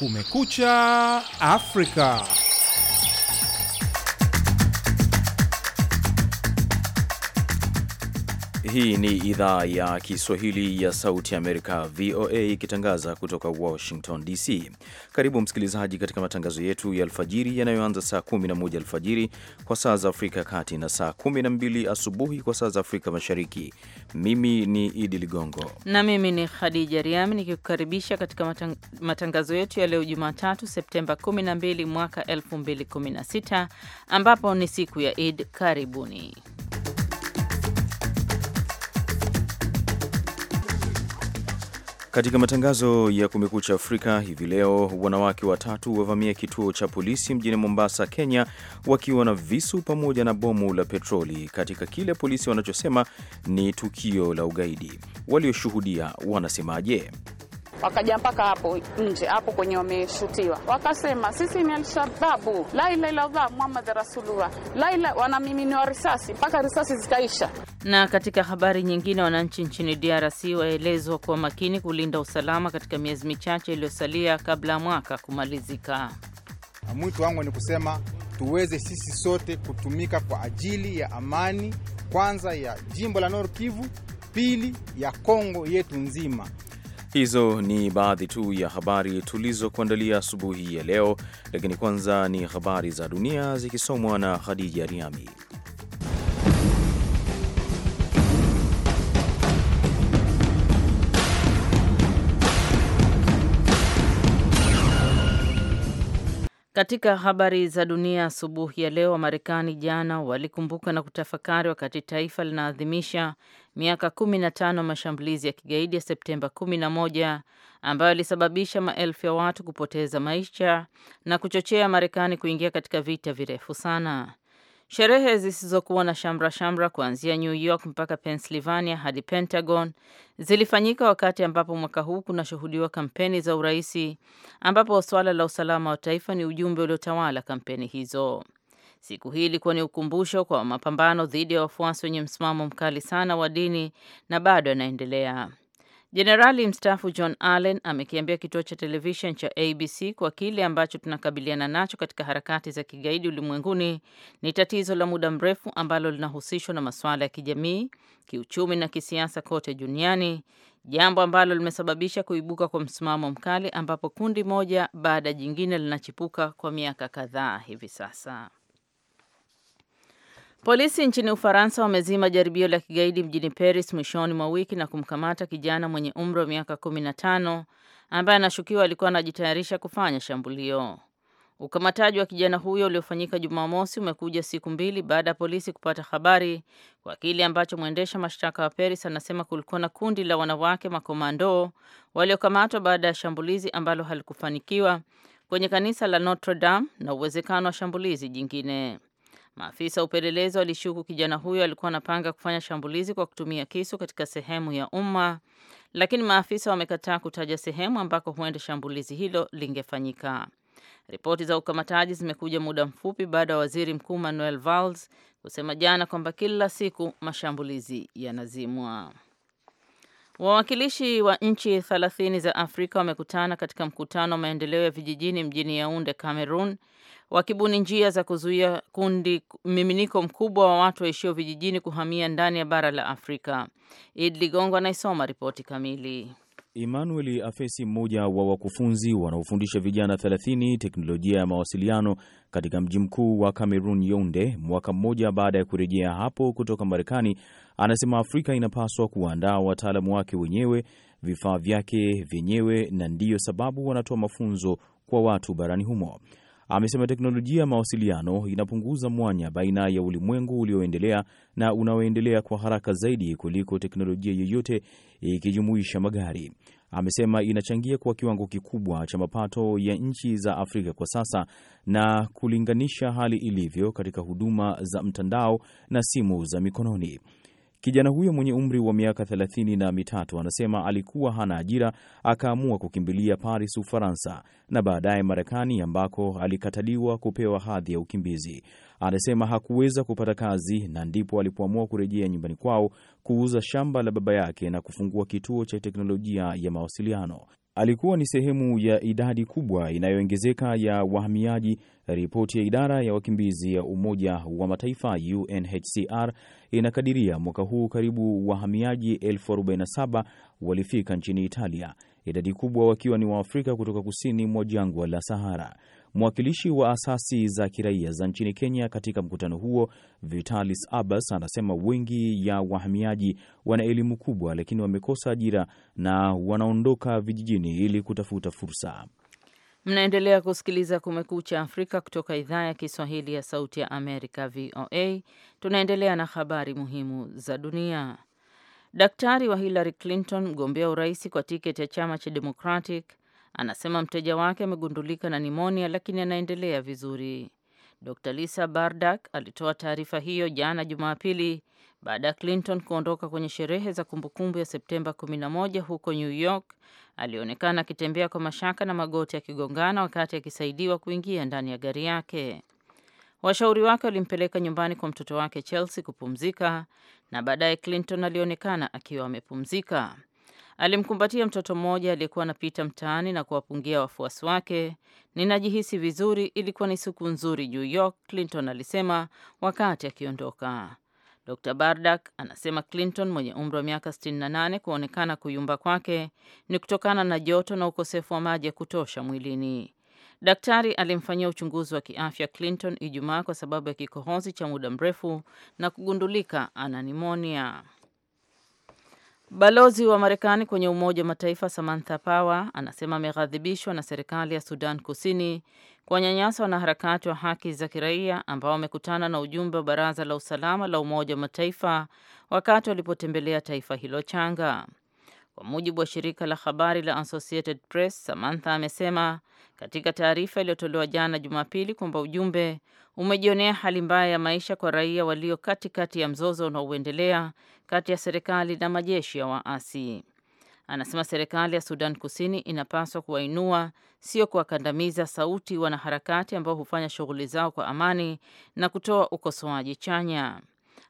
Kumekucha Afrika. Hii ni idhaa ya Kiswahili ya Sauti Amerika, VOA, ikitangaza kutoka Washington DC. Karibu msikilizaji, katika matangazo yetu ya alfajiri yanayoanza saa 11 alfajiri kwa saa za Afrika ya Kati na saa 12 asubuhi kwa saa za Afrika Mashariki. Mimi ni Idi Ligongo na mimi ni Khadija Riami nikikukaribisha katika matangazo yetu ya leo Jumatatu, Septemba 12 mwaka 2016, ambapo ni siku ya Id. Karibuni. Katika matangazo ya Kumekucha Afrika hivi leo, wanawake watatu wavamia kituo cha polisi mjini Mombasa, Kenya, wakiwa na visu pamoja na bomu la petroli katika kile polisi wanachosema ni tukio la ugaidi. Walioshuhudia wanasemaje? wakaja mpaka hapo nje hapo kwenye wameshutiwa, wakasema sisi ni Alshababu, la ilaha illallah Muhammad rasulullah, laila. Wanamiminiwa risasi mpaka risasi zikaisha. Na katika habari nyingine, wananchi nchini DRC waelezwa kuwa makini kulinda usalama katika miezi michache iliyosalia kabla ya mwaka kumalizika. Mwito wangu ni kusema tuweze sisi sote kutumika kwa ajili ya amani, kwanza ya jimbo la Nord Kivu, pili ya Kongo yetu nzima. Hizo ni baadhi tu ya habari tulizokuandalia asubuhi ya leo, lakini kwanza ni habari za dunia zikisomwa na Khadija Riami. Katika habari za dunia asubuhi ya leo, Wamarekani jana walikumbuka na kutafakari wakati taifa linaadhimisha miaka 15 mashambulizi ya kigaidi ya Septemba 11 ambayo yalisababisha maelfu ya watu kupoteza maisha na kuchochea Marekani kuingia katika vita virefu sana. Sherehe zisizokuwa na shamra shamra kuanzia New York mpaka Pennsylvania hadi Pentagon zilifanyika wakati ambapo mwaka huu kunashuhudiwa kampeni za uraisi ambapo swala la usalama wa taifa ni ujumbe uliotawala kampeni hizo. Siku hii ilikuwa ni ukumbusho kwa mapambano dhidi ya wafuasi wenye msimamo mkali sana wa dini na bado yanaendelea. Jenerali mstaafu John Allen amekiambia kituo cha televishen cha ABC kwa kile ambacho tunakabiliana nacho katika harakati za kigaidi ulimwenguni ni tatizo la muda mrefu ambalo linahusishwa na masuala ya kijamii, kiuchumi na kisiasa kote duniani, jambo ambalo limesababisha kuibuka kwa msimamo mkali ambapo kundi moja baada jingine linachipuka kwa miaka kadhaa hivi sasa. Polisi nchini Ufaransa wamezima jaribio la kigaidi mjini Paris mwishoni mwa wiki na kumkamata kijana mwenye umri wa miaka 15 ambaye anashukiwa alikuwa anajitayarisha kufanya shambulio. Ukamataji wa kijana huyo uliofanyika Jumamosi umekuja siku mbili baada ya polisi kupata habari kwa kile ambacho mwendesha mashtaka wa Paris anasema kulikuwa na kundi la wanawake makomando waliokamatwa baada ya shambulizi ambalo halikufanikiwa kwenye kanisa la Notre Dame na uwezekano wa shambulizi jingine. Maafisa wa upelelezi walishuku kijana huyo alikuwa anapanga kufanya shambulizi kwa kutumia kisu katika sehemu ya umma, lakini maafisa wamekataa kutaja sehemu ambako huenda shambulizi hilo lingefanyika. Ripoti za ukamataji zimekuja muda mfupi baada ya waziri mkuu Manuel Valls kusema jana kwamba kila siku mashambulizi yanazimwa. Wawakilishi wa nchi thelathini za Afrika wamekutana katika mkutano wa maendeleo ya vijijini mjini Yaunde, Cameroon, wakibuni njia za kuzuia kundi mmiminiko mkubwa wa watu waishio vijijini kuhamia ndani ya bara la Afrika. id Ligongo anaisoma ripoti kamili. Emmanuel Afesi, mmoja wa wakufunzi wanaofundisha vijana 30 teknolojia ya mawasiliano katika mji mkuu wa cameron Yaounde, mwaka mmoja baada ya kurejea hapo kutoka Marekani, anasema Afrika inapaswa kuandaa wataalamu wake wenyewe, vifaa vyake vyenyewe, na ndiyo sababu wanatoa mafunzo kwa watu barani humo. Amesema teknolojia ya mawasiliano inapunguza mwanya baina ya ulimwengu ulioendelea na unaoendelea kwa haraka zaidi kuliko teknolojia yoyote ikijumuisha magari. Amesema inachangia kwa kiwango kikubwa cha mapato ya nchi za Afrika kwa sasa na kulinganisha hali ilivyo katika huduma za mtandao na simu za mikononi. Kijana huyo mwenye umri wa miaka thelathini na mitatu anasema alikuwa hana ajira, akaamua kukimbilia Paris, Ufaransa, na baadaye Marekani, ambako alikataliwa kupewa hadhi ya ukimbizi. Anasema hakuweza kupata kazi na ndipo alipoamua kurejea nyumbani kwao, kuuza shamba la baba yake na kufungua kituo cha teknolojia ya mawasiliano alikuwa ni sehemu ya idadi kubwa inayoongezeka ya wahamiaji. Ripoti ya idara ya wakimbizi ya Umoja wa Mataifa UNHCR inakadiria mwaka huu karibu wahamiaji 47 walifika nchini Italia, idadi kubwa wakiwa ni Waafrika kutoka kusini mwa jangwa la Sahara. Mwakilishi wa asasi za kiraia za nchini Kenya katika mkutano huo, Vitalis Abbas, anasema wengi ya wahamiaji wana elimu kubwa, lakini wamekosa ajira na wanaondoka vijijini ili kutafuta fursa. Mnaendelea kusikiliza Kumekucha Afrika kutoka idhaa ya Kiswahili ya Sauti ya Amerika, VOA. Tunaendelea na habari muhimu za dunia. Daktari wa Hillary Clinton, mgombea urais kwa tiketi ya chama cha Democratic, Anasema mteja wake amegundulika na nimonia lakini anaendelea vizuri. Dr. Lisa Bardak alitoa taarifa hiyo jana Jumapili baada ya Clinton kuondoka kwenye sherehe za kumbukumbu ya Septemba 11 huko New York. Alionekana akitembea kwa mashaka na magoti akigongana wakati akisaidiwa kuingia ndani ya gari yake. Washauri wake walimpeleka nyumbani kwa mtoto wake Chelsea kupumzika na baadaye Clinton alionekana akiwa amepumzika. Alimkumbatia mtoto mmoja aliyekuwa anapita mtaani na kuwapungia wafuasi wake. Ninajihisi vizuri, ilikuwa ni siku nzuri New York, Clinton alisema wakati akiondoka. Dr Bardak anasema Clinton mwenye umri wa miaka 68 kuonekana kuyumba kwake ni kutokana na joto na ukosefu wa maji ya kutosha mwilini. Daktari alimfanyia uchunguzi wa kiafya Clinton Ijumaa kwa sababu ya kikohozi cha muda mrefu na kugundulika ana nimonia. Balozi wa Marekani kwenye Umoja wa Mataifa Samantha Power anasema ameghadhibishwa na serikali ya Sudan Kusini kuwanyanyasa wanaharakati wa haki za kiraia ambao wamekutana na ujumbe wa Baraza la Usalama la Umoja wa Mataifa wakati walipotembelea taifa hilo changa. Kwa mujibu wa shirika la habari la Associated Press, Samantha amesema katika taarifa iliyotolewa jana Jumapili kwamba ujumbe umejionea hali mbaya ya maisha kwa raia walio katikati ya mzozo unaoendelea kati ya serikali na majeshi ya waasi. Anasema serikali ya Sudan Kusini inapaswa kuwainua, sio kuwakandamiza, sauti wanaharakati ambao hufanya shughuli zao kwa amani na kutoa ukosoaji chanya.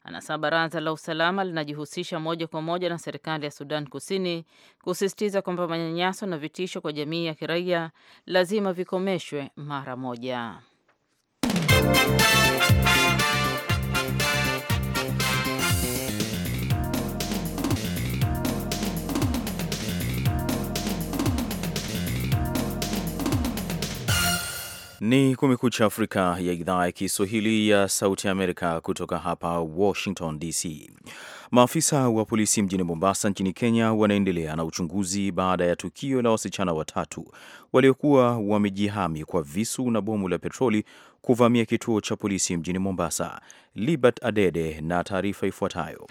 Anasema baraza la usalama linajihusisha moja kwa moja na serikali ya Sudan Kusini kusisitiza kwamba manyanyaso na vitisho kwa jamii ya kiraia lazima vikomeshwe mara moja. Ni Kumekucha Afrika ya idhaa ya Kiswahili ya Sauti ya Amerika kutoka hapa Washington DC. Maafisa wa polisi mjini Mombasa nchini Kenya wanaendelea na uchunguzi baada ya tukio la wasichana watatu waliokuwa wamejihami kwa visu na bomu la petroli kuvamia kituo cha polisi mjini Mombasa. Libert Adede na taarifa ifuatayo.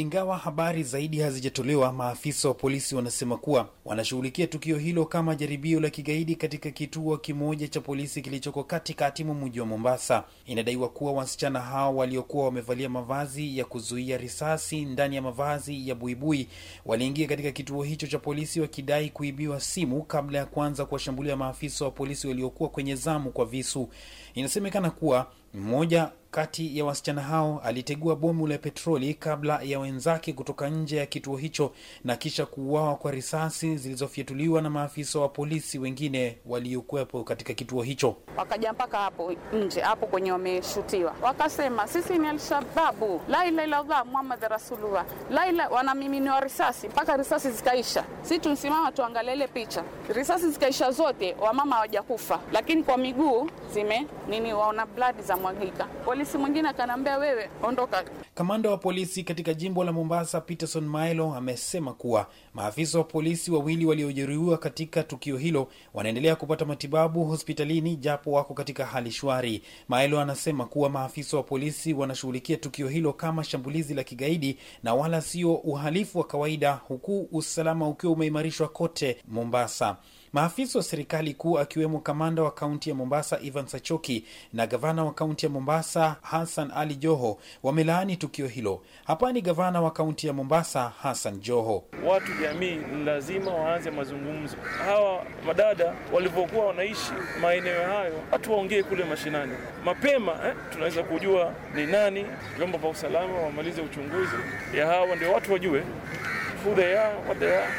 Ingawa habari zaidi hazijatolewa, maafisa wa polisi wanasema kuwa wanashughulikia tukio hilo kama jaribio la kigaidi katika kituo kimoja cha polisi kilichoko katikati mwa mji wa Mombasa. Inadaiwa kuwa wasichana hao waliokuwa wamevalia mavazi ya kuzuia risasi ndani ya mavazi ya buibui waliingia katika kituo hicho cha polisi wakidai kuibiwa simu kabla ya kuanza kuwashambulia maafisa wa polisi waliokuwa kwenye zamu kwa visu. Inasemekana kuwa mmoja kati ya wasichana hao alitegua bomu la petroli kabla ya wenzake kutoka nje ya kituo hicho na kisha kuuawa kwa risasi zilizofyatuliwa na maafisa wa polisi wengine waliokuwepo katika kituo hicho. Wakaja mpaka hapo nje hapo kwenye wameshutiwa, wakasema sisi ni Alshababu, la ilaha rasulullah, laila. Wanamiminiwa risasi mpaka risasi zikaisha. Si tumsimama tuangalia ile picha, risasi zikaisha zote, wamama hawajakufa, lakini kwa miguu zime nini, waona bladi za mwagika polisi mwingine akanaambia wewe ondoka. Kamanda wa polisi katika jimbo la Mombasa Peterson Milo amesema kuwa Maafisa wa polisi wawili waliojeruhiwa katika tukio hilo wanaendelea kupata matibabu hospitalini japo wako katika hali shwari. Maelo anasema kuwa maafisa wa polisi wanashughulikia tukio hilo kama shambulizi la kigaidi na wala sio uhalifu wa kawaida, huku usalama ukiwa umeimarishwa kote Mombasa. Maafisa wa serikali kuu akiwemo kamanda wa kaunti ya Mombasa Ivan Sachoki na gavana wa kaunti ya Mombasa Hassan Ali Joho wamelaani tukio hilo. Hapa ni gavana wa kaunti ya Mombasa Hassan Joho. Watu jamii lazima waanze mazungumzo. Hawa madada walivyokuwa wanaishi maeneo hayo, watu waongee kule mashinani mapema eh, tunaweza kujua ni nani. Vyombo vya usalama wamalize uchunguzi ya hawa, ndio watu wajue who they are, what they are,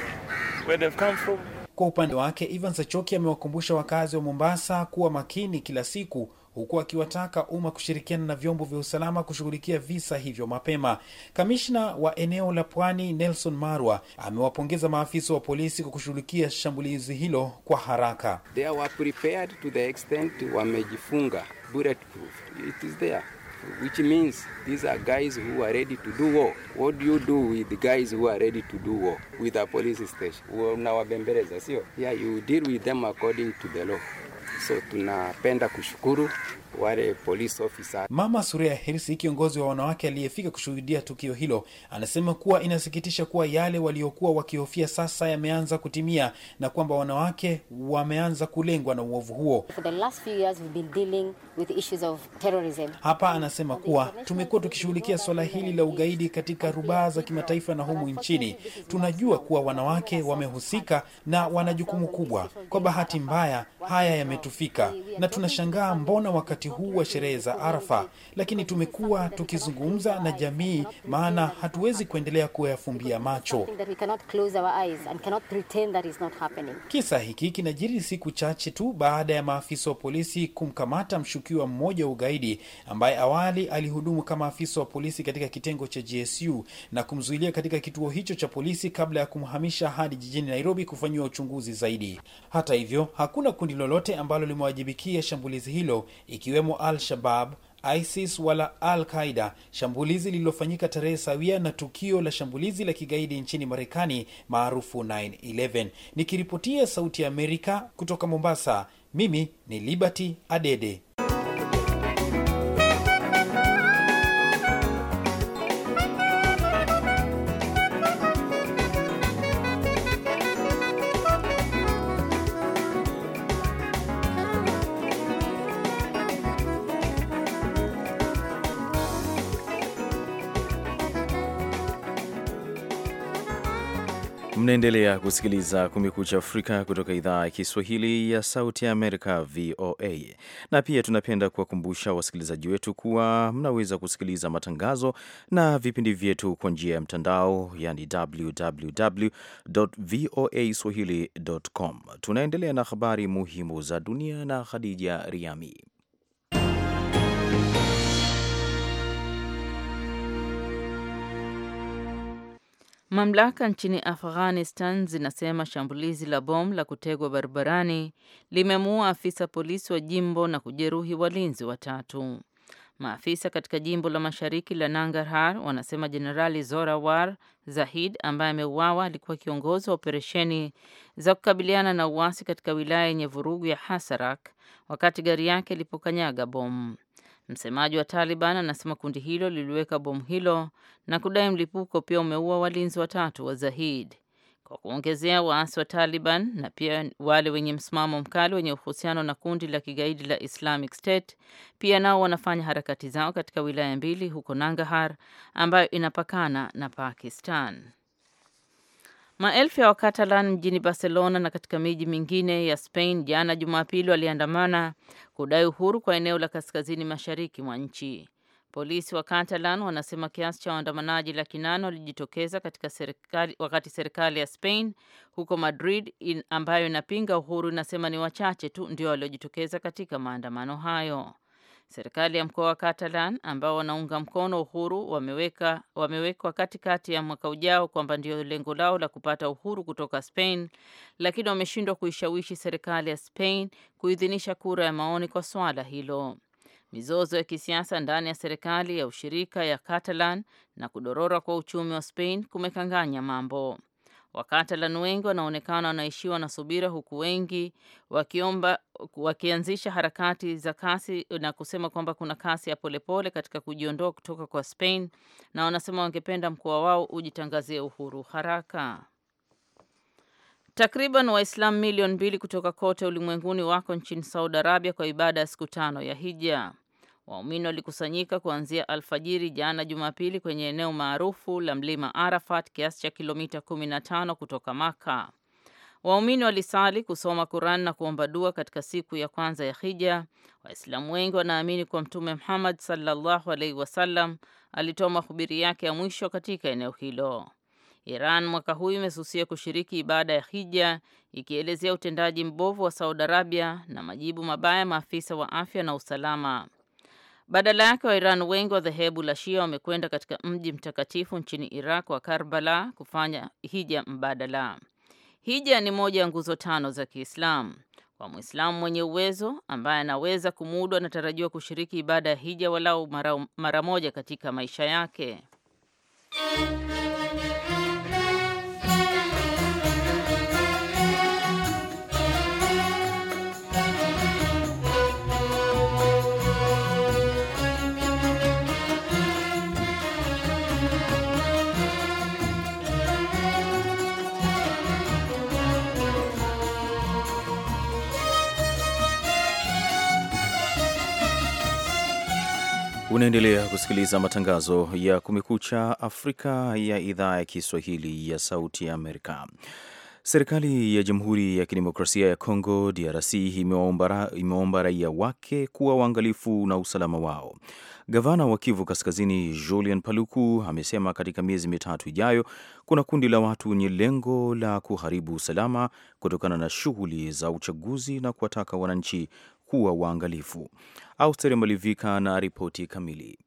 where they've come from. Kwa upande wake Ivan sachoki amewakumbusha wakazi wa Mombasa kuwa makini kila siku huku akiwataka umma kushirikiana na vyombo vya usalama kushughulikia visa hivyo mapema. Kamishna wa eneo la Pwani Nelson Marwa amewapongeza maafisa wa polisi kwa kushughulikia shambulizi hilo kwa haraka. They were prepared to the extent wamejifunga bulletproof. It is there which means these are guys who are ready to do war. What do you do with the guys who are ready to do war with a police station? Unawabembeleza, sio? Yeah, you deal with them according to the law. So tunapenda kushukuru wale police officer. Mama Suria Hirsi, kiongozi wa wanawake aliyefika kushuhudia tukio hilo, anasema kuwa inasikitisha kuwa yale waliokuwa wakihofia sasa yameanza kutimia na kwamba wanawake wameanza kulengwa na uovu huo. Hapa anasema kuwa tumekuwa tukishughulikia swala hili la ugaidi katika rubaa za kimataifa na humu nchini. Tunajua kuwa wanawake wamehusika na wana jukumu kubwa. Kwa bahati mbaya, haya yametufika na tunashangaa mbona wakati wakati huu wa sherehe za Arafa, lakini tumekuwa tukizungumza na jamii, maana hatuwezi kuendelea kuyafumbia macho. Kisa hiki kinajiri siku chache tu baada ya maafisa wa polisi kumkamata mshukiwa mmoja wa ugaidi ambaye awali alihudumu kama afisa wa polisi katika kitengo cha GSU na kumzuilia katika kituo hicho cha polisi kabla ya kumhamisha hadi jijini Nairobi kufanyiwa uchunguzi zaidi. Hata hivyo, hakuna kundi lolote ambalo limewajibikia shambulizi hilo ikiwa ikiwemo al-shabab isis wala al qaida shambulizi lililofanyika tarehe sawia na tukio la shambulizi la kigaidi nchini marekani maarufu 911 nikiripotia sauti ya amerika kutoka mombasa mimi ni liberty adede Mnaendelea kusikiliza Kumekucha Afrika kutoka idhaa ya Kiswahili ya Sauti ya Amerika, VOA. Na pia tunapenda kuwakumbusha wasikilizaji wetu kuwa mnaweza kusikiliza matangazo na vipindi vyetu kwa njia ya mtandao, yani www voa swahili com. Tunaendelea na habari muhimu za dunia na Khadija Riami. Mamlaka nchini Afghanistan zinasema shambulizi la bomu la kutegwa barabarani limemuua afisa polisi wa jimbo na kujeruhi walinzi watatu. Maafisa katika jimbo la mashariki la Nangarhar wanasema Jenerali Zorawar Zahid ambaye ameuawa alikuwa kiongozi wa operesheni za kukabiliana na uasi katika wilaya yenye vurugu ya Hasarak wakati gari yake ilipokanyaga bomu. Msemaji wa Taliban anasema kundi hilo liliweka bomu hilo na kudai mlipuko pia umeua walinzi watatu wa Zahid. Kwa kuongezea, waasi wa Taliban na pia wale wenye msimamo mkali wenye uhusiano na kundi la kigaidi la Islamic State pia nao wanafanya harakati zao katika wilaya mbili huko Nangarhar ambayo inapakana na Pakistan. Maelfu ya Wakatalan mjini Barcelona na katika miji mingine ya Spain jana Jumapili waliandamana kudai uhuru kwa eneo la kaskazini mashariki mwa nchi. Polisi wa Catalan wanasema kiasi cha waandamanaji laki nane walijitokeza katika serikali, wakati serikali ya Spain huko Madrid in, ambayo inapinga uhuru inasema ni wachache tu ndio waliojitokeza katika maandamano hayo. Serikali ya mkoa wa Catalan ambao wanaunga mkono uhuru wameweka wamewekwa katikati ya mwaka ujao kwamba ndio lengo lao la kupata uhuru kutoka Spain, lakini wameshindwa kuishawishi serikali ya Spain kuidhinisha kura ya maoni kwa swala hilo. Mizozo ya kisiasa ndani ya serikali ya ushirika ya Catalan na kudorora kwa uchumi wa Spain kumekanganya mambo. Wakatalan wengi wanaonekana wanaishiwa na subira, huku wengi wakiomba wakianzisha harakati za kasi na kusema kwamba kuna kasi ya polepole katika kujiondoa kutoka kwa Spain, na wanasema wangependa mkoa wao ujitangazie uhuru haraka. Takriban Waislamu milioni mbili kutoka kote ulimwenguni wako nchini Saudi Arabia kwa ibada ya siku tano ya hija. Waumini walikusanyika kuanzia alfajiri jana Jumapili kwenye eneo maarufu la mlima Arafat kiasi cha kilomita 15 kutoka Maka. Waumini walisali, kusoma Quran na kuomba dua katika siku ya kwanza ya hija. Waislamu wengi wanaamini kuwa Mtume Muhammad sallallahu alaihi wasallam alitoa mahubiri yake ya mwisho katika eneo hilo. Iran mwaka huu imesusia kushiriki ibada ya hija ikielezea utendaji mbovu wa Saudi Arabia na majibu mabaya maafisa wa afya na usalama. Badala yake Wairan wengi wa dhehebu la Shia wamekwenda katika mji mtakatifu nchini Iraq wa Karbala kufanya hija mbadala. Hija ni moja ya nguzo tano za Kiislamu. Kwa Mwislamu mwenye uwezo ambaye anaweza kumudu, anatarajiwa kushiriki ibada ya hija walau mara moja katika maisha yake. Unaendelea kusikiliza matangazo ya Kumekucha Afrika ya idhaa ya Kiswahili ya Sauti ya Amerika. Serikali ya Jamhuri ya Kidemokrasia ya Kongo, DRC, imewaomba raia wake kuwa waangalifu na usalama wao. Gavana wa Kivu Kaskazini Julian Paluku amesema katika miezi mitatu ijayo kuna kundi la watu wenye lengo la kuharibu usalama kutokana na shughuli za uchaguzi na kuwataka wananchi kuwa waangalifu. Austeri Malivika na ripoti kamili.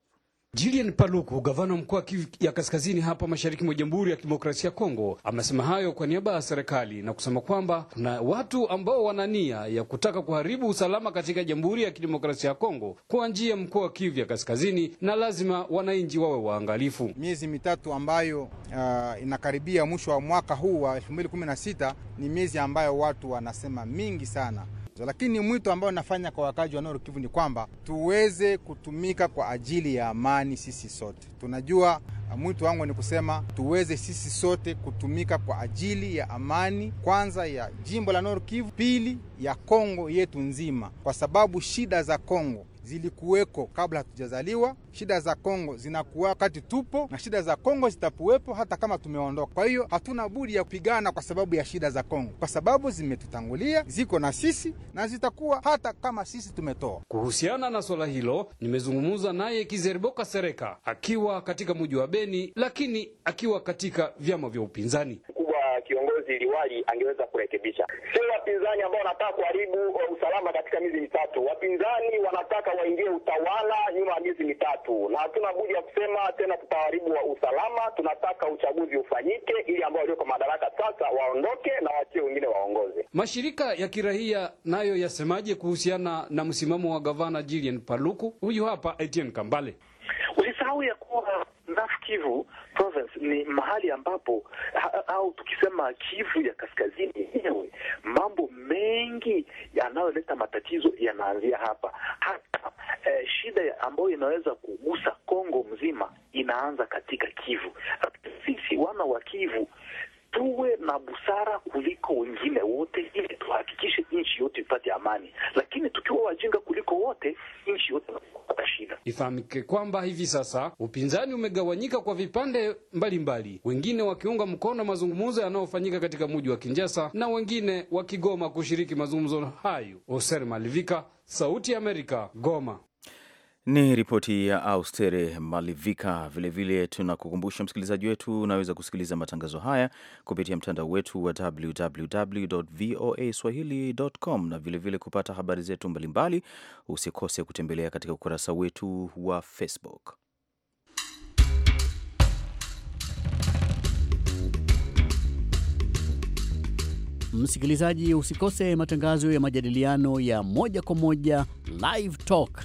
Julian Paluku, gavana mkuu wa Kivu ya Kaskazini hapa mashariki mwa Jamhuri ya Kidemokrasia ya Kongo, amesema hayo kwa niaba ya serikali na kusema kwamba kuna watu ambao wana nia ya kutaka kuharibu usalama katika Jamhuri ya Kidemokrasia ya Kongo kwa njia mkoa wa Kivu ya Kaskazini, na lazima wananchi wawe waangalifu. Miezi mitatu ambayo uh, inakaribia mwisho wa mwaka huu wa 2016 ni miezi ambayo watu wanasema mingi sana lakini mwito ambao nafanya kwa wakaji wa Nord Kivu ni kwamba tuweze kutumika kwa ajili ya amani sisi sote. Tunajua uh, mwito wangu ni kusema tuweze sisi sote kutumika kwa ajili ya amani, kwanza ya jimbo la Nord Kivu, pili ya Kongo yetu nzima, kwa sababu shida za Kongo zilikuweko kabla hatujazaliwa. Shida za Kongo zinakuwa wakati tupo na shida za Kongo zitapuwepo hata kama tumeondoka. Kwa hiyo hatuna budi ya kupigana kwa sababu ya shida za Kongo, kwa sababu zimetutangulia, ziko na sisi na zitakuwa hata kama sisi tumetoa. Kuhusiana na swala hilo, nimezungumza naye Kizeriboka Sereka akiwa katika mji wa Beni, lakini akiwa katika vyama vya upinzani Uh, kiongozi Liwali angeweza kurekebisha. Sio wapinzani ambao wanataka kuharibu uh, usalama katika miezi mitatu. Wapinzani wanataka waingie utawala nyuma ya miezi mitatu, na hatuna budi ya kusema tena, tutaharibu wa usalama. Tunataka uchaguzi ufanyike ili ambao walioko madaraka sasa waondoke na wachie wengine waongoze. Mashirika ya kirahia nayo yasemaje kuhusiana na msimamo wa gavana Julian Paluku? Huyu hapa Etienne Kambale. Usisahau ya kuwa North Kivu province ni mahali ambapo au tukisema Kivu ya kaskazini yenyewe, mambo mengi yanayoleta matatizo yanaanzia hapa. Hata eh, shida ambayo inaweza kugusa Kongo mzima inaanza katika Kivu. Sisi wana wa Kivu tuwe na busara kuliko wengine wote, ili tuhakikishe nchi yote ipate amani. Lakini tukiwa wajinga kuliko wote, nchi yote inapata shida. Ifahamike kwamba hivi sasa upinzani umegawanyika kwa vipande mbalimbali mbali. Wengine wakiunga mkono mazungumzo yanayofanyika katika mji wa kinjasa na wengine wakigoma kushiriki mazungumzo hayo. Oser Malivika, Sauti ya Amerika, Goma. Ni ripoti ya Austere Malivika. Vilevile tunakukumbusha msikilizaji wetu, unaweza kusikiliza matangazo haya kupitia mtandao wetu wa www voa swahili.com, na vilevile vile kupata habari zetu mbalimbali. Usikose kutembelea katika ukurasa wetu wa Facebook. Msikilizaji, usikose matangazo ya majadiliano ya moja kwa moja, Live Talk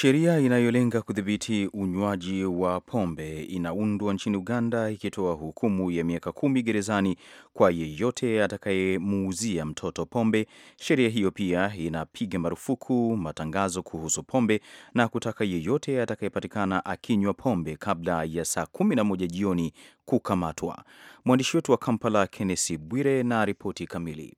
Sheria inayolenga kudhibiti unywaji wa pombe inaundwa nchini Uganda, ikitoa hukumu ya miaka kumi gerezani kwa yeyote atakayemuuzia mtoto pombe. Sheria hiyo pia inapiga marufuku matangazo kuhusu pombe na kutaka yeyote atakayepatikana akinywa pombe kabla ya saa kumi na moja jioni kukamatwa. Mwandishi wetu wa Kampala, Kennesi Bwire, na ripoti kamili.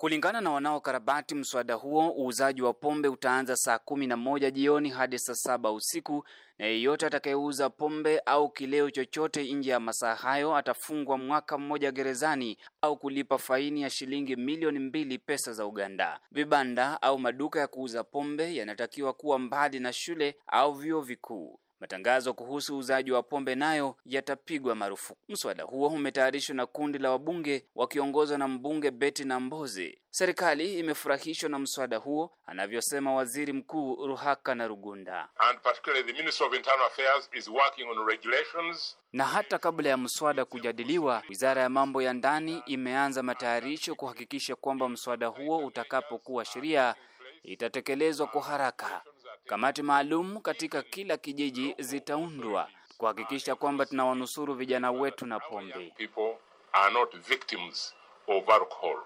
Kulingana na wanaokarabati mswada huo, uuzaji wa pombe utaanza saa kumi na moja jioni hadi saa saba usiku, na yeyote atakayeuza pombe au kileo chochote nje ya masaa hayo atafungwa mwaka mmoja gerezani au kulipa faini ya shilingi milioni mbili pesa za Uganda. Vibanda au maduka ya kuuza pombe yanatakiwa kuwa mbali na shule au vyuo vikuu. Matangazo kuhusu uuzaji wa pombe nayo yatapigwa marufuku. Mswada huo umetayarishwa na kundi la wabunge wakiongozwa na mbunge Betty Nambozi. Serikali imefurahishwa na mswada huo, anavyosema Waziri Mkuu ruhaka na Rugunda. And particularly the Minister of Internal Affairs is working on regulations. Na hata kabla ya mswada kujadiliwa, Wizara ya Mambo ya Ndani imeanza matayarisho kuhakikisha kwamba mswada huo utakapokuwa sheria itatekelezwa kwa haraka. Kamati maalum katika kila kijiji zitaundwa kuhakikisha kwamba tunawanusuru vijana wetu na pombe.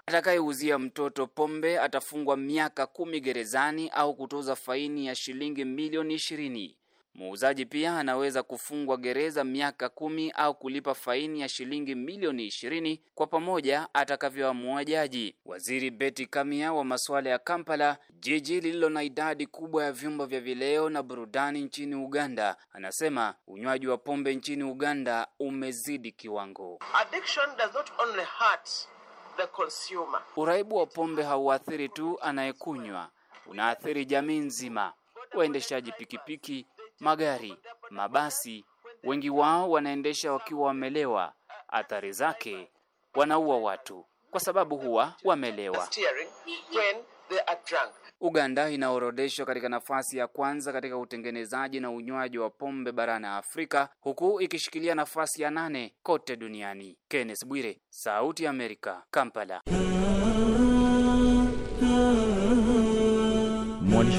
Atakayeuzia mtoto pombe atafungwa miaka kumi gerezani au kutoza faini ya shilingi milioni ishirini. Muuzaji pia anaweza kufungwa gereza miaka kumi au kulipa faini ya shilingi milioni ishirini kwa pamoja atakavyoamua jaji. Waziri Beti Kamia wa masuala ya Kampala, jiji lililo na idadi kubwa ya vyumba vya vileo na burudani nchini Uganda, anasema unywaji wa pombe nchini Uganda umezidi kiwango. Addiction does not only hurt the consumer. Uraibu wa pombe hauathiri tu anayekunywa, unaathiri jamii nzima. Waendeshaji pikipiki magari, mabasi, wengi wao wanaendesha wakiwa wamelewa. Athari zake, wanaua watu kwa sababu huwa wamelewa. Uganda inaorodeshwa katika nafasi ya kwanza katika utengenezaji na unywaji wa pombe barani Afrika huku ikishikilia nafasi ya nane kote duniani. Kenneth Bwire, Sauti ya Amerika, Kampala.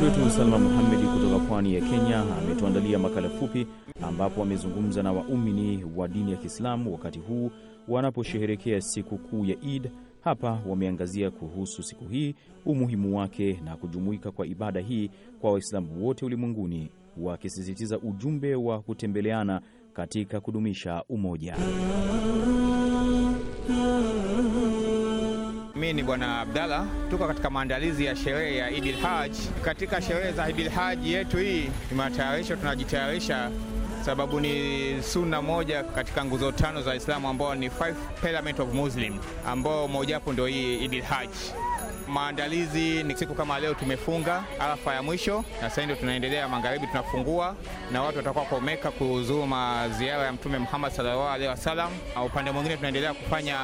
Mwandishi wetu Salma Muhamedi kutoka pwani ya Kenya ametuandalia makala fupi ambapo amezungumza na waumini wa dini ya Kiislamu wakati huu wanaposherehekea siku kuu ya Eid. Hapa wameangazia kuhusu siku hii, umuhimu wake na kujumuika kwa ibada hii kwa Waislamu wote ulimwenguni, wakisisitiza ujumbe wa kutembeleana katika kudumisha umoja Bwana Abdalla. Tuko katika maandalizi ya sherehe ya al Haj. Katika sherehe za al Haj yetu hii, tunatayarisha tunajitayarisha, sababu ni sunna moja katika nguzo tano za Islamu ambao ni five pillars of Muslim, ambao mojawapo ndio hii al Haj maandalizi ni siku kama leo tumefunga arafa ya mwisho, na sasa ndio tunaendelea magharibi, tunafungua na watu watakuwa kuomeka kuzuma ziara ya Mtume Muhammad sallallahu alaihi wasallam. Upande mwingine tunaendelea kufanya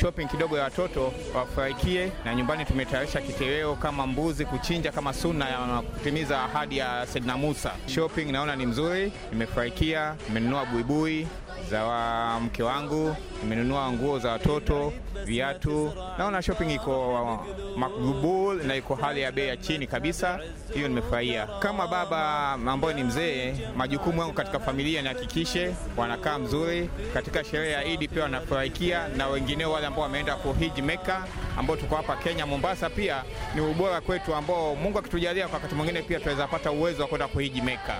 shopping kidogo ya watoto wafurahikie, na nyumbani tumetayarisha kitereo kama mbuzi kuchinja kama sunna ya kutimiza ahadi ya sedna Musa. Shopping naona ni mzuri, nimefurahikia, nimenunua buibui za wa mke wangu, nimenunua nguo za watoto, viatu. Naona shopping iko uh, makbul na iko hali ya bei ya chini kabisa, hiyo nimefurahia. Kama baba ambaye ni mzee, majukumu yangu katika familia nihakikishe wanakaa mzuri. Katika sherehe ya Idi pia wanafurahikia, na wengineo wale ambao wameenda for Hiji Mecca ambao tuko hapa Kenya Mombasa, pia ni ubora kwetu, ambao Mungu akitujalia kwa wakati mwingine pia tunaweza pata uwezo wa kwenda kuhiji Mecca.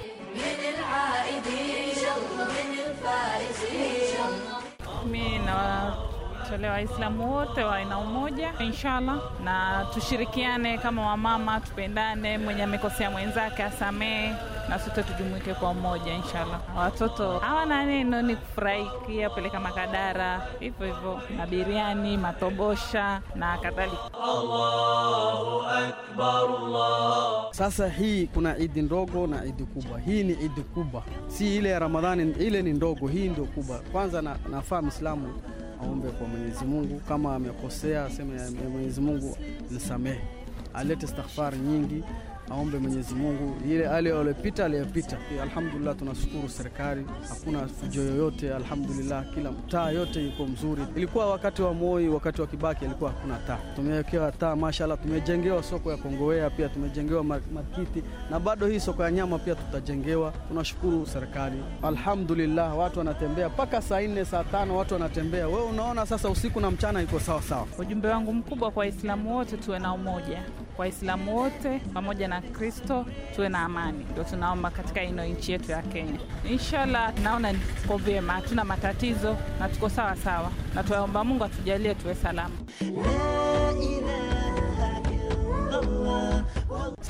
tuelewe Waislamu wote wa aina umoja inshallah, na tushirikiane kama wamama, tupendane, mwenye amekosea mwenzake asamehe na sote tujumuike kwa umoja inshallah. Watoto hawana neno, ni kufurahikia peleka makadara hivyo hivyo, na biriani, matobosha na kadhalika. Allahu akbar Allah. Sasa hii kuna idi ndogo na idi kubwa. Hii ni idi kubwa, si ile ya Ramadhani, ile ni ndogo, hii ndio kubwa. Kwanza na nafaa Muislamu aombe kwa Mwenyezi Mungu, kama amekosea aseme Mwenyezi Mungu nisamehe, alete istighfar nyingi aombe Mwenyezi Mungu ile ale aliyopita aliyopita. Alhamdulillah, tunashukuru serikali, hakuna fujo yoyote. Alhamdulillah, kila mtaa yote yuko mzuri. Ilikuwa wakati wa Moi, wakati wa Kibaki alikuwa hakuna taa, tumewekewa taa mashallah. Tumejengewa soko ya Kongowea, pia tumejengewa markiti, na bado hii soko ya nyama pia tutajengewa. Tunashukuru serikali, alhamdulillah. Watu wanatembea mpaka saa nne saa tano watu wanatembea. Wewe unaona sasa usiku na mchana iko sawa sawa. Ujumbe wangu mkubwa kwa Waislamu wote, tuwe na umoja. Waislamu wote pamoja na Kristo tuwe na amani, ndio tunaomba katika ino nchi yetu ya Kenya. Inshallah naona tuko vyema, hatuna matatizo na tuko sawa sawa, na tuwaomba Mungu atujalie tuwe salama.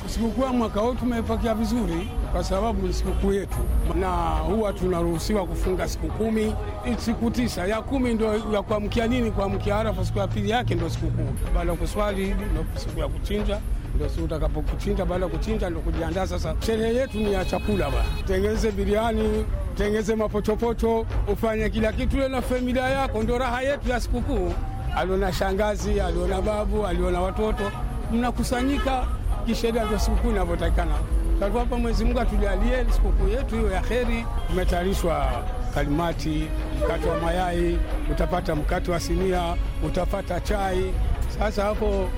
Sikukuu ya mwaka huu tumepakia vizuri kwa sababu ni sikukuu yetu, na huwa tunaruhusiwa kufunga siku kumi, siku tisa. Ya kumi ndio ya kuamkia nini, kuamkia Arafa, siku ya pili yake ndio sikukuu. Baada ya kuswali ndio siku ya kuchinja ndio si utakapokuchinja. Baada ya kuchinja ndio kujiandaa sasa. Sherehe yetu ni ya chakula bwana, tengeze biriani, tengeze mapochopocho, ufanye kila kitu na familia yako. Ndio raha yetu ya sikukuu. Aliona shangazi, aliona babu, aliona watoto, mnakusanyika kisheria vya sikukuu inavyotakikana. Hapa Mwenyezi Mungu atujalie sikukuu yetu hiyo ya kheri. Umetayarishwa kalimati, mkate wa mayai, utapata mkate wa sinia, utapata chai. Sasa hapo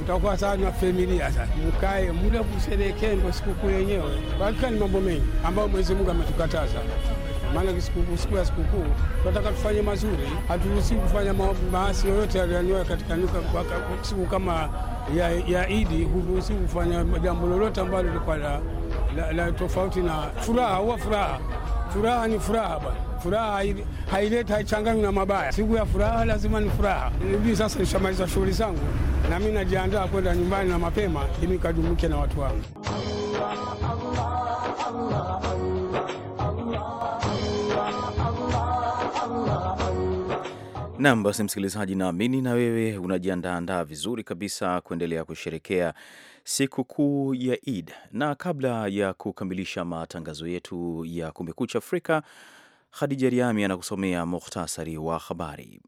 utakuwa sana na familia, sasa mkae mle kusherehekea, ndo sikukuu yenyewe. Hakika ni mambo mengi ambayo Mwenyezi Mungu ametukataza maana siku ya sikukuu tunataka tufanye mazuri, haturuhusi kufanya maasi yoyote yaliyoanuiwa katika siku kama ya, ya Idi, huruhusi kufanya jambo lolote ambalo lilikuwa la, la, la tofauti na furaha. Huwa furaha furaha ni furaha bwana, furaha haileti haichanganywi na mabaya. Siku ya furaha lazima ni furaha. Hivi sasa nishamaliza shughuli zangu na mi najiandaa kwenda nyumbani na mapema, ili nikajumuike na watu wangu. Allah, Allah, Allah, Allah. Nam, basi msikilizaji, naamini na wewe unajiandaandaa vizuri kabisa kuendelea kusherekea sikukuu ya Eid, na kabla ya kukamilisha matangazo yetu ya Kumekucha Afrika, Khadija Riami anakusomea muhtasari wa habari.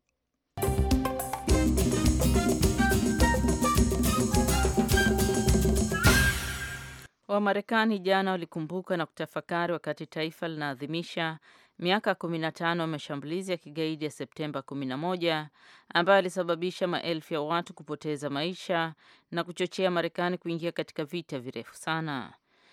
Wamarekani jana walikumbuka na kutafakari wakati taifa linaadhimisha miaka 15 ya mashambulizi ya kigaidi ya Septemba 11 ambayo alisababisha maelfu ya watu kupoteza maisha na kuchochea Marekani kuingia katika vita virefu sana.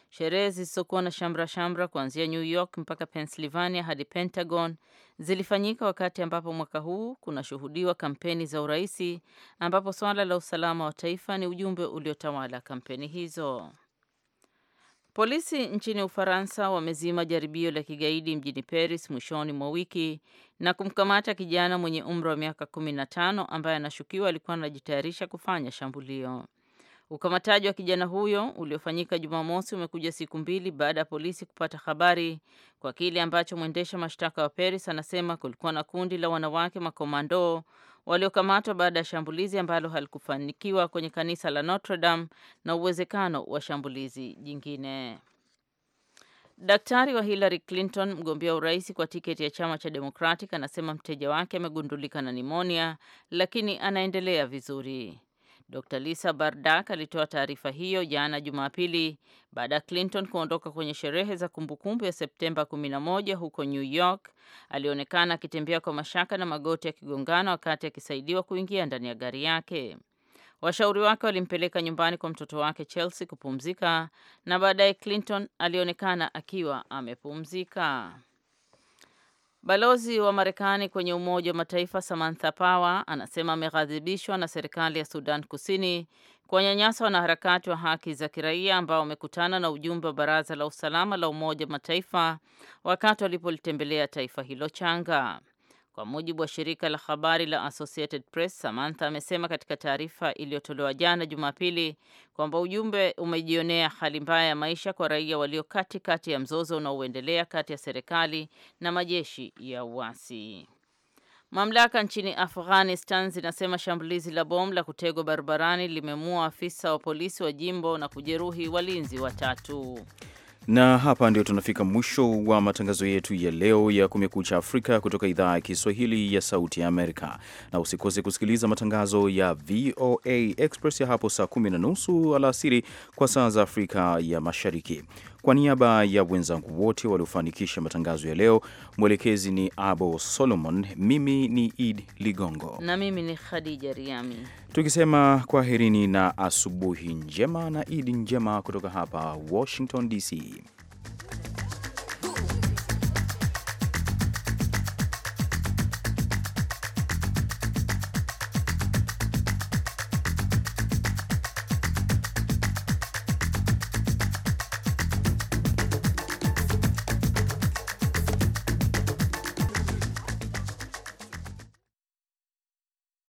Sherehe zisizokuwa na shamra shamra kuanzia New York mpaka Pennsylvania hadi Pentagon zilifanyika wakati ambapo mwaka huu kunashuhudiwa kampeni za uraisi ambapo swala la usalama wa taifa ni ujumbe uliotawala kampeni hizo. Polisi nchini Ufaransa wamezima jaribio la kigaidi mjini Paris mwishoni mwa wiki na kumkamata kijana mwenye umri wa miaka 15 ambaye anashukiwa alikuwa anajitayarisha kufanya shambulio. Ukamataji wa kijana huyo uliofanyika Jumamosi umekuja siku mbili baada ya polisi kupata habari kwa kile ambacho mwendesha mashtaka wa Paris anasema kulikuwa na kundi la wanawake makomando waliokamatwa baada ya shambulizi ambalo halikufanikiwa kwenye kanisa la Notre Dame na uwezekano wa shambulizi jingine. Daktari wa Hillary Clinton, mgombea wa urais kwa tiketi ya chama cha Democratic, anasema mteja wake amegundulika na nimonia, lakini anaendelea vizuri. Dr. Lisa Bardak alitoa taarifa hiyo jana Jumapili baada ya Clinton kuondoka kwenye sherehe za kumbukumbu ya Septemba 11 huko New York. Alionekana akitembea kwa mashaka na magoti ya kigongana wakati akisaidiwa kuingia ndani ya gari yake. Washauri wake walimpeleka nyumbani kwa mtoto wake Chelsea kupumzika na baadaye Clinton alionekana akiwa amepumzika. Balozi wa Marekani kwenye Umoja wa Mataifa Samantha Power anasema ameghadhibishwa na serikali ya Sudan Kusini kuwanyanyasa wanaharakati wa haki za kiraia ambao wamekutana na ujumbe wa Baraza la Usalama la Umoja wa Mataifa wakati walipolitembelea taifa hilo changa. Kwa mujibu wa shirika la habari la Associated Press, Samantha amesema katika taarifa iliyotolewa jana Jumapili kwamba ujumbe umejionea hali mbaya ya maisha kwa raia walio katikati ya mzozo unaoendelea kati ya serikali na majeshi ya uasi. Mamlaka nchini Afghanistan zinasema shambulizi la bomu la kutegwa barabarani limemua afisa wa polisi wa jimbo na kujeruhi walinzi watatu. Na hapa ndio tunafika mwisho wa matangazo yetu ya leo ya Kumekucha Afrika kutoka idhaa ya Kiswahili ya Sauti ya Amerika, na usikose kusikiliza matangazo ya VOA Express ya hapo saa kumi na nusu alasiri kwa saa za Afrika ya Mashariki. Kwa niaba ya wenzangu wote waliofanikisha matangazo ya leo, mwelekezi ni Abo Solomon, mimi ni Id Ligongo na mimi ni Khadija Riami, tukisema kwaherini na asubuhi njema na Idi njema kutoka hapa Washington DC.